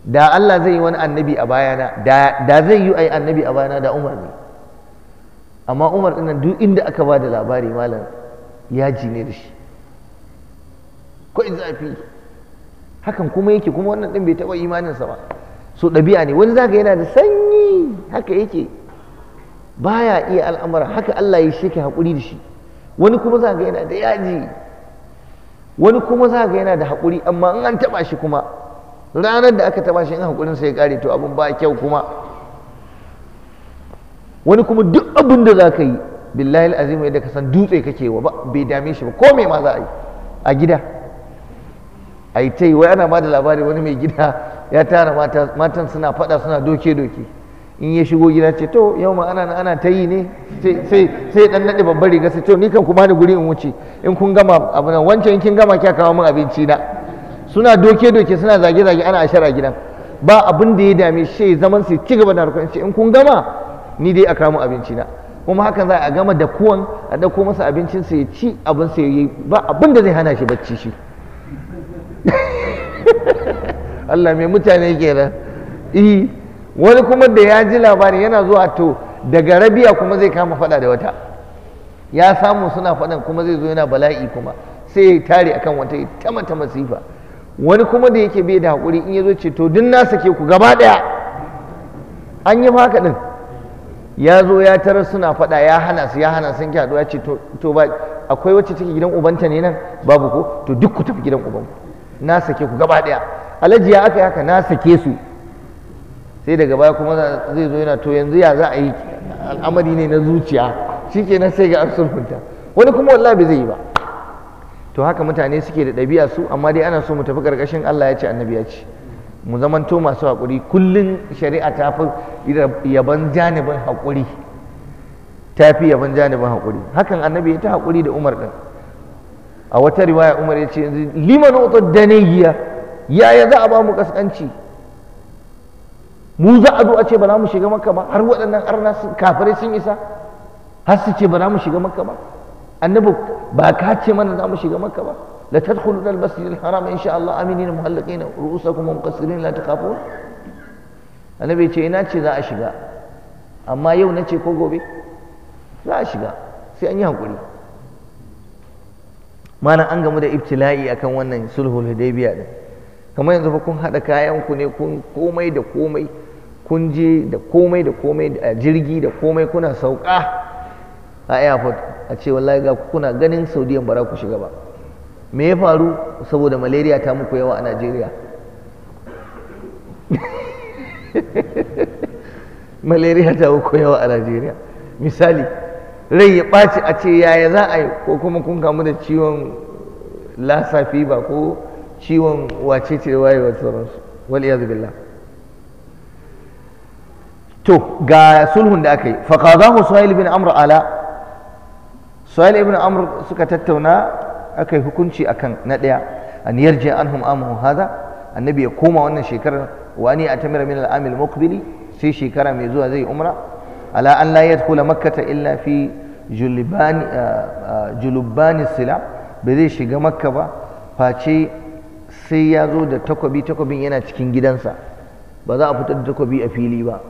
da Allah zai yi wani annabi a bayana da zai yi annabi a bayana da umar ne amma umar dinnan duk inda aka ba da labari malam yaji ne da shi ko zafi hakan kuma yake kuma wannan ɗin bai taɓa imaninsa ba so ɗabi'a ne wani zaka yana da sanyi haka yake baya iya al'amura haka Allah ya shi haƙuri da shi wani kuma zaka yana da yaji wani kuma za ga yana da haƙuri amma in an taɓa shi kuma ranar da aka taɓa shi in haƙurin sai ya ƙare to abin ba kyau kuma wani kuma duk abin da za ka yi billahi azim yadda ka san dutse kake wa ba bai dame shi ba ko me ma za a yi a gida a yi ta yi wai ana ba da labari wani mai gida ya tara matan suna faɗa suna doke-doke in ya shigo gida ce to yau ma ana ana ta yi ne sai sai dan nade babbar riga sai to ni kan ku bani guri in wuce in kun gama abin wancan kin gama kya kawo min abinci na suna doke doke suna zage zage ana ashara gidan ba abin da ya dame shi zaman su ci gaba da harkar in kun gama ni dai a kawo min abinci na kuma hakan za a gama da kuwan a dauko masa abincin sa ya ci abin sa yi ba abin da zai hana shi bacci shi Allah mai mutane kenan eh wani kuma da ya ji labari yana zuwa to daga rabiya kuma zai kama fada da wata ya samu suna fadan kuma zai zo yana bala'i kuma sai ya tare akan wata ya tama ta masifa wani kuma da yake bai da haƙuri in ya zo ce to duk na sake ku gaba daya an yi haka din ya zo ya tarar suna fada ya hana su ya hana sun ki haɗu ya ce to ba akwai wacce take gidan ubanta ne nan babu ko to duk ku tafi gidan ubanku na sake ku gaba daya alhaji ya aka yi haka na sake su sai daga baya kuma zai zo yana to yanzu ya za a yi al'amari ne na zuciya shi shikenan sai ga an sulhunta wani kuma wallahi bai zai yi ba to haka mutane suke da ɗabi'a su amma dai ana so mu tafi ƙarƙashin Allah ya ce annabi ya ce mu zamanto masu haƙuri kullum shari'a ta fi yaban janibin haƙuri ta fi yaban janibin haƙuri hakan annabi ya ta haƙuri da umar ɗin a wata riwaya umar ya ce liman utar giya yaya za a ba mu ƙasƙanci mu za a zo a ce ba za mu shiga maka ba har waɗannan arna kafirai sun isa har su ce ba za mu shiga maka ba annabi ba ka ce mana za mu shiga maka ba la tadkhulu al-masjid al-haram insha Allah aminin muhallaqina ru'usakum muqassirin la takhafun annabi ce ina ce za a shiga amma yau na ce ko gobe za a shiga sai an yi hakuri mana an gamu da ibtila'i akan wannan sulhul hudaybiya din kamar yanzu fa kun haɗa kayan ku ne kun komai da komai kun je da komai da komai a jirgi da komai kuna sauka a airport a ce wallahi ga kuna ganin saudiyan bara ku shiga ba me ya faru saboda malaria ta muku yawa a najeriya malaria ta muku yawa a najeriya misali rai ya ɓaci a ce yaya za a yi ko kuma kun kamu da ciwon lasa ba ko ciwon wacece wayewar sauransu wal billah to ga sulhun da aka yi faqadahu suhail bin amr ala suhail ibn amr suka tattauna aka yi hukunci kan na ɗaya an yarji anhum amuhu hada annabi ya koma wannan shekarar wa a atamira min al-amil muqbili sai shekara mai zuwa zai umra ala an la yadkhula makkata illa fi julubani sila ba zai shiga makka ba face sai ya zo da takobi takobin yana cikin gidansa ba za a fitar da takobi a fili ba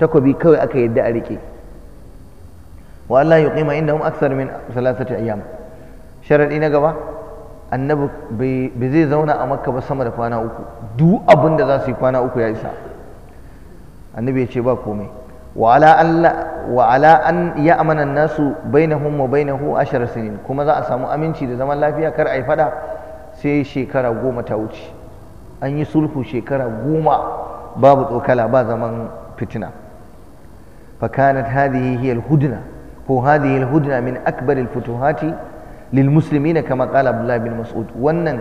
takobi kawai aka yadda a rike wa Allah yuqima indahum akthar min salasati ayyam sharadi na gaba annabi bai zai zauna a makka ba sama da kwana uku duk abin da za su yi kwana uku ya isa annabi ya ce ba komai wa ala alla wa ala an amana nasu bainahum wa bainahu ashar sinin kuma za a samu aminci da zaman lafiya kar a yi fada sai shekara goma ta wuce an yi sulhu shekara goma babu tsokala ba zaman fitina فكانت هذه هي الهدنة وهذه الهدنة من أكبر الفتوحات للمسلمين كما قال عبد الله بن مسعود wannan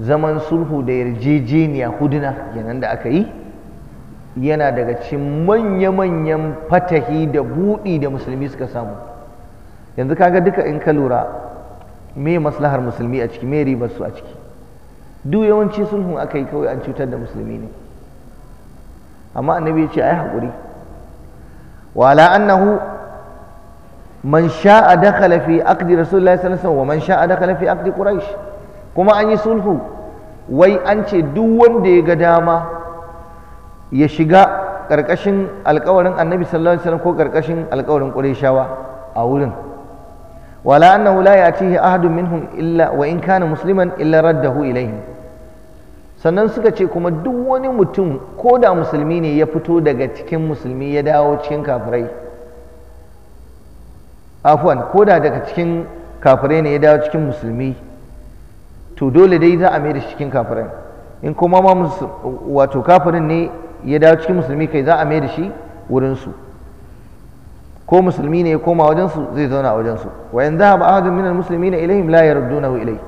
zaman sulhu da yarjejeniya huduna kenan da aka yi yana daga cikin manya-manyan fatahi da buɗi da musulmi suka samu yanzu kaga duka in ka lura me maslahar musulmi a ciki me ribar su a ciki duk yawanci sulhun aka yi kawai an cutar da musulmi ne amma annabi ya ce ai haƙuri وعلى أنه من شاء دخل في عقد رسول الله صلى الله عليه وسلم ومن شاء دخل في عقد قريش كما أن يصلحوا wai an ce duk wanda ya ga dama ya shiga ƙarƙashin alƙawarin annabi sallallahu alaihi wasallam ko ƙarƙashin alƙawarin ƙurayshawa a wurin wala annahu la ya'tihi ahadun minhum illa wa in kana musliman sannan suka ce kuma duk wani mutum ko da musulmi ne ya fito daga cikin musulmi ya dawo cikin kafirai afuwan ko da daga cikin kafirai ne ya dawo cikin musulmi to dole dai za a mai da cikin kafirai in kuma ma wato kafirin ne ya dawo cikin musulmi kai za a mai da shi wurinsu ko musulmi ne ya koma wajensu zai zauna wajensu wa in zahaba ahadun minal muslimina ilaihim la yardunahu ilayhi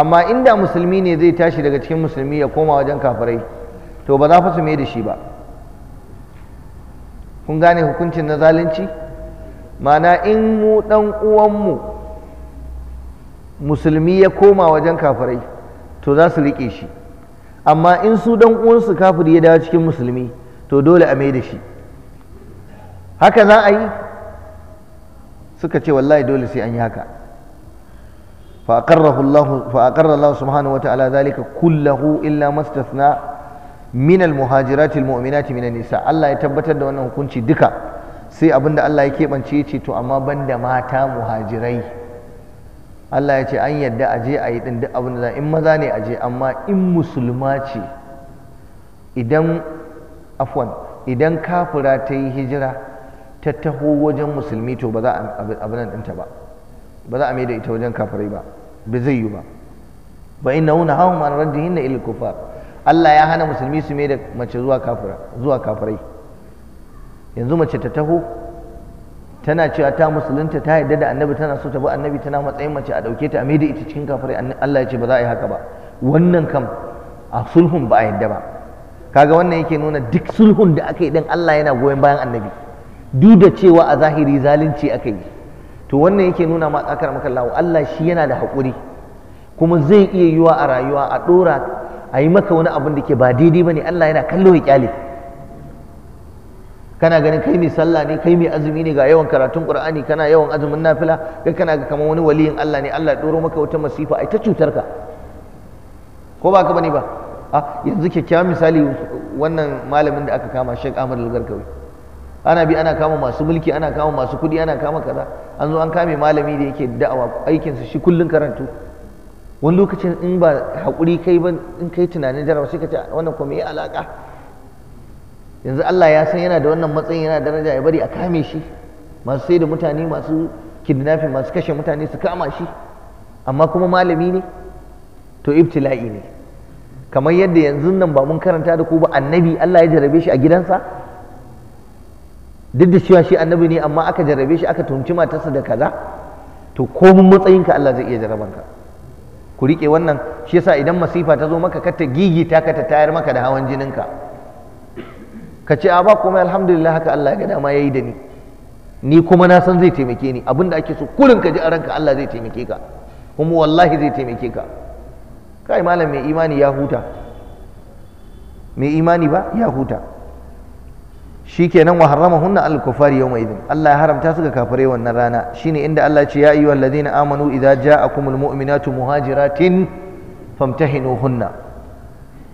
amma inda musulmi ne zai tashi daga cikin musulmi ya koma wajen kafirai to ba za fa su mai da shi ba kun gane hukuncin na zalunci mana in mu dan uwanmu musulmi ya koma wajen kafirai to za su riƙe shi amma in su dan uwansu kafiri ya dawo cikin musulmi to dole a mai da shi haka za a yi suka ce wallahi dole sai an yi haka فأقره الله فأقر الله سبحانه وتعالى ذلك كله إلا ما استثنى من المهاجرات المؤمنات من النساء الله يتبتر da wannan hukunci duka sai abinda Allah ya kebance yace to amma banda mata muhajirai Allah ya ce an yadda a je a yi duk abin da in maza ne a je amma in musulma ce idan afwan ta yi hijira ta taho wajen musulmi to ba za a abin ɗinta ba ba za a mai da ita wajen kafuri ba ba zai yi ba ba inna huna hahum an raddihinna ilal kufar Allah ya hana musulmi su mai mace zuwa kafira zuwa kafirai yanzu mace ta taho tana cewa ta musulunta ta yarda da annabi tana so ta bi annabi tana matsayin mace a dauke ta a maida ita cikin kafirai Allah ya ce ba za a yi haka ba wannan kam a sulhun ba a yadda ba kaga wannan yake nuna duk sulhun da aka yi dan Allah yana goyon bayan annabi duk da cewa a zahiri zalunci aka yi to wannan yake nuna ma tsakar maka Allah Allah shi yana da haƙuri kuma zai iya yiwa a rayuwa a ɗora a yi maka wani abin da ke ba daidai ba ne Allah yana kallo ya kyale kana ganin kai mai sallah ne kai mai azumi ne ga yawan karatun qur'ani kana yawan azumin nafila kai kana ga kamar wani waliyin Allah ne Allah ya doro maka wata masifa ai ta cutar ka ko ba ka bane ba a ah, yanzu kyakkyawan misali wannan malamin da aka kama Sheikh Ahmad al gargawi ana bi ana kama masu mulki ana kama masu kuɗi ana kama kaza an zo an kame malami da yake da'awa aikinsa shi kullum karantu wani lokacin in ba haƙuri kai ba in kai tunanin jarawa sai ka ce wannan kuma ya alaƙa yanzu Allah ya san yana da wannan matsayin yana daraja ya bari a kame shi masu sai da mutane masu kidnapping masu kashe mutane su kama shi amma kuma malami ne to ibtila'i ne kamar yadda yanzu nan ba mun karanta da ku ba annabi Allah ya jarabe shi a gidansa duk da cewa shi annabi ne amma aka jarrabe shi aka tumci matarsa da kaza to komin matsayinka Allah zai iya ka. ku rike wannan shi yasa idan masifa ta zo maka ka ta gigi ta ka ta tayar maka da hawan jinin ka ce a ba komai alhamdulillah haka Allah ya ga dama yayi da ni ni kuma na san zai taimake ni abinda ake so kurin ka ji a ranka Allah zai taimake ka kuma wallahi zai taimake ka kai malam mai imani ya huta mai imani ba ya huta shikenan wa harramahunna al kufari yawma idin Allah ya haramta su ga kafirai wannan rana shine inda Allah ya ce ya ayyuhal ladina amanu idza ja'akumul mu'minatu muhajiratin famtahinuhunna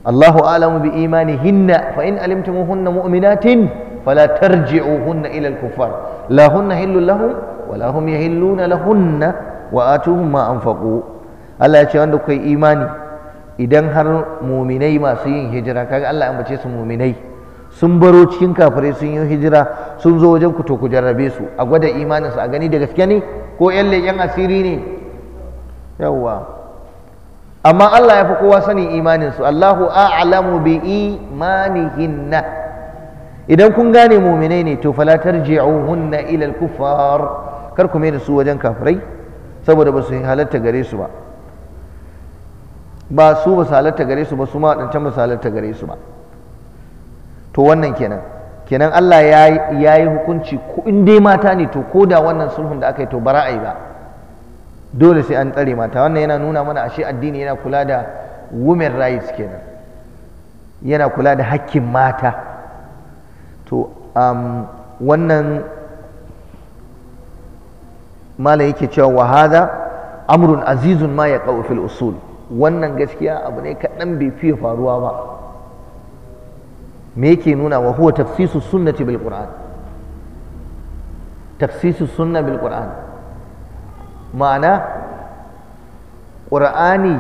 Allahu a'lamu bi imanihinna fa in alimtumuhunna mu'minatin fala tarji'uhunna ila al kufar la hunna hillu lahum wa la hum yahilluna lahunna wa atuhum ma anfaqu Allah ce wanda kai imani idan har muminai masu yin hijira kaga Allah ya su muminai sun baro cikin kafirai sun yi hijira sun zo wajen ku to ku jarrabe su a gwada imanin su a gani da gaske ne ko yan leƙen asiri ne yawwa amma Allah ya fi kowa sanin imanin su Allahu a'lamu bi imanihinna idan kun gane mu'minai ne to fala tarji'uhunna ila al-kuffar kar ku mai su wajen kafirai saboda ba su halatta gare su ba ba su ba su gare su ba su ma dan ta gare su ba to wannan kenan kenan Allah ya yi hukunci ko in dai mata ne to ko da wannan sulhun da aka yi to bara a yi ba dole sai an tsare mata wannan yana nuna mana ashe addini yana kula da women rights kenan yana kula da hakkin mata to um, wannan malam yake cewa wahada amrun azizun ma ya fil usul wannan gaskiya abu ne kaɗan bai fiye faruwa ba me yake nuna wa huwa tafsisu sunnati bil qur'an tafsisu sunna bil qur'an ma'ana qur'ani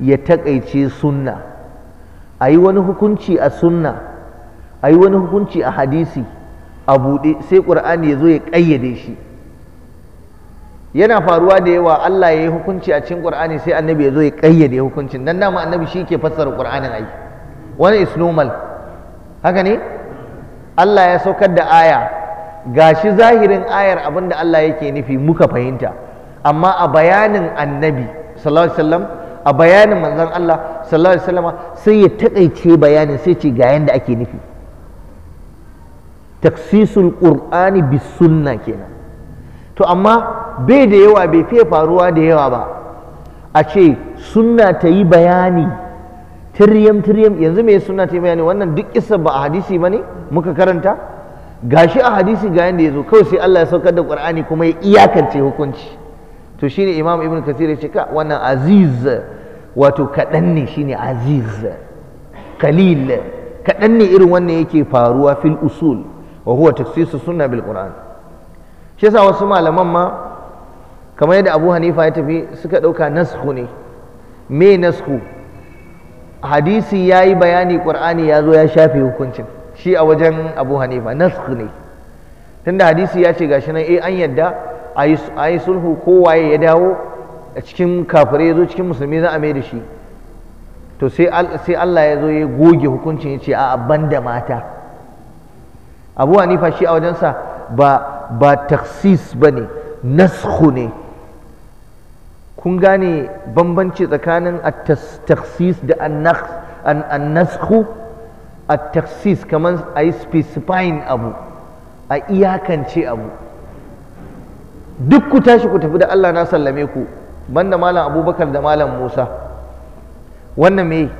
ya takaice sunna ayi wani hukunci a sunna ayi wani hukunci a hadisi a buɗe sai qur'ani ya zo ya ƙayyade shi yana faruwa da yawa Allah ya yi hukunci a cikin qur'ani sai annabi ya zo ya ƙayyade hukuncin dan dama annabi shi ke fassara qur'anin ai wani is normal haka ne Allah ya saukar da aya gashi zahirin ayar abin Allah yake nufi muka fahimta amma a bayanin annabi sallallahu alaihi wasallam a bayanin manzon Allah sallallahu alaihi wasallam sai ya takaice bayanin sai ce ga yanda ake nufi taksisul qur'ani bis sunna kenan to amma bai da yawa bai fiye faruwa da yawa ba a ce sunna ta yi bayani tiryam tiryam yanzu me suna ta bayani wannan duk kissa ba a hadisi bane muka karanta gashi a hadisi ga yanda yazo kawai sai Allah ya saukar da Qur'ani kuma ya iyakance hukunci to shine Imam Ibn Kathir ya ce ka wannan aziz wato kadan ne shine aziz kalil kadan ne irin wannan yake faruwa fil usul wa huwa tafsisu sunna bil Qur'an shi yasa wasu malaman ma kamar yadda Abu Hanifa ya tafi suka dauka nasku ne me nasku hadisi ya yi bayani ƙur'ani ya zo ya shafe hukuncin shi a wajen abu hanifa nasu ne tunda hadisi ya ce gashi nan eh, an yadda a yi sulhu kowaye ya dawo a cikin kafirai ya zo cikin musulmi za a mai da shi to sai Allah ya zo ya goge hukuncin ya ce a da mata abu hanifa shi a wajensa ba ba taksis ba ne nasu ne kun gane bambanci tsakanin at taksis da an-naskhu at taksis kamar a yi specifying abu a iyakance abu duk ku tashi ku tafi da Allah na sallame ku banda malam abubakar da malam musa wannan me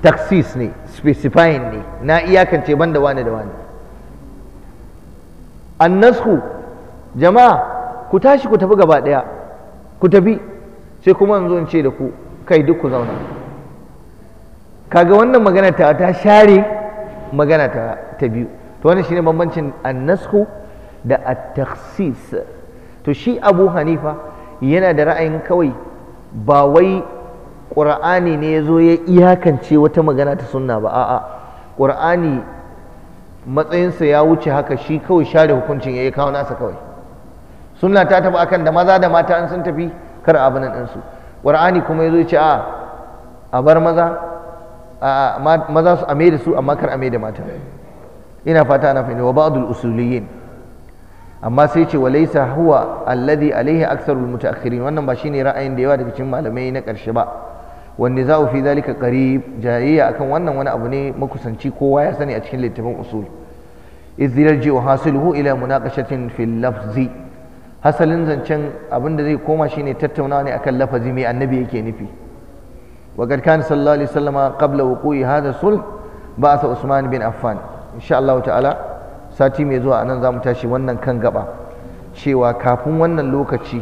taksis ne specifying ne na iyakance banda wani da wani annasku jama'a ku tashi ku tafi gaba ɗaya ku tafi sai kuma an zo in ce da ku kai duk ku zauna kaga wannan magana ta ta share magana ta ta biyu to wannan shine bambancin annasku da at-takhsis to shi Abu Hanifa yana da ra'ayin kawai ba wai ƙur'ani ne yazo ya iyakance wata magana ta sunna ba a'a ƙur'ani matsayinsa ya wuce haka shi kawai share hukuncin ya kawo nasa kawai sunna ta tafi akan da maza da mata an sun tafi kar a nan ɗinsu ƙur'ani kuma ya zo ce a ah, a bar maza maza su ame da su amma kar ame da mata ina fata ana fahimta wa ba'dul usuliyin amma sai ce walaysa huwa alladhi alayhi aktharul mutaakhirin wannan ba shine ra'ayin da yawa daga cikin malamai na ƙarshe ba Wanne za fi zalika qarib jayayya akan wannan wani abu ne makusanci kowa ya sani a cikin littafin usul idh yarji wa hasiluhu ila munaqashatin fil lafzi hasalin zancen abin da zai koma shi ne tattaunawa ne akan lafazi mai annabi yake nufi wa kad kana sallallahu alaihi wasallam qabla wuqu'i hadha sulh ba'atha Usman bin Affan insha Allah ta'ala sati mai zuwa anan zamu tashi wannan kan gaba cewa kafin wannan lokaci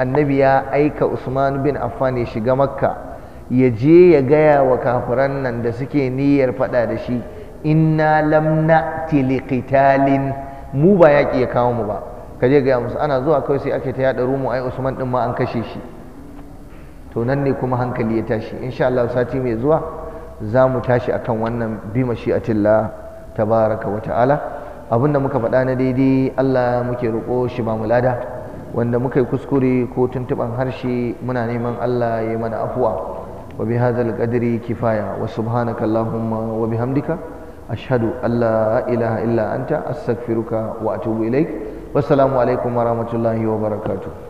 annabi ya aika Usman bin Affan ya shiga Makka ya je ya gaya wa kafiran nan da suke niyyar fada da shi inna lam na'ti liqitalin mu ba yaƙi ya kawo mu ba ka je gaya musu ana zuwa kawai sai ake ta yada rumu ai usman ɗin ma an kashe shi to nan ne kuma hankali ya tashi insha Allah sati mai zuwa za mu tashi akan wannan bi atilla tabaraka wa ta'ala abinda muka faɗa na daidai Allah muke roƙo shi ba mu lada wanda muka yi kuskure ko tuntuɓan harshe muna neman Allah ya mana afuwa wa bi hadzal qadri kifaya wa subhanaka allahumma wa bihamdika ashhadu an la ilaha illa anta astaghfiruka wa atubu ilaik wasu alaikum warahmatullahi wabarakatuh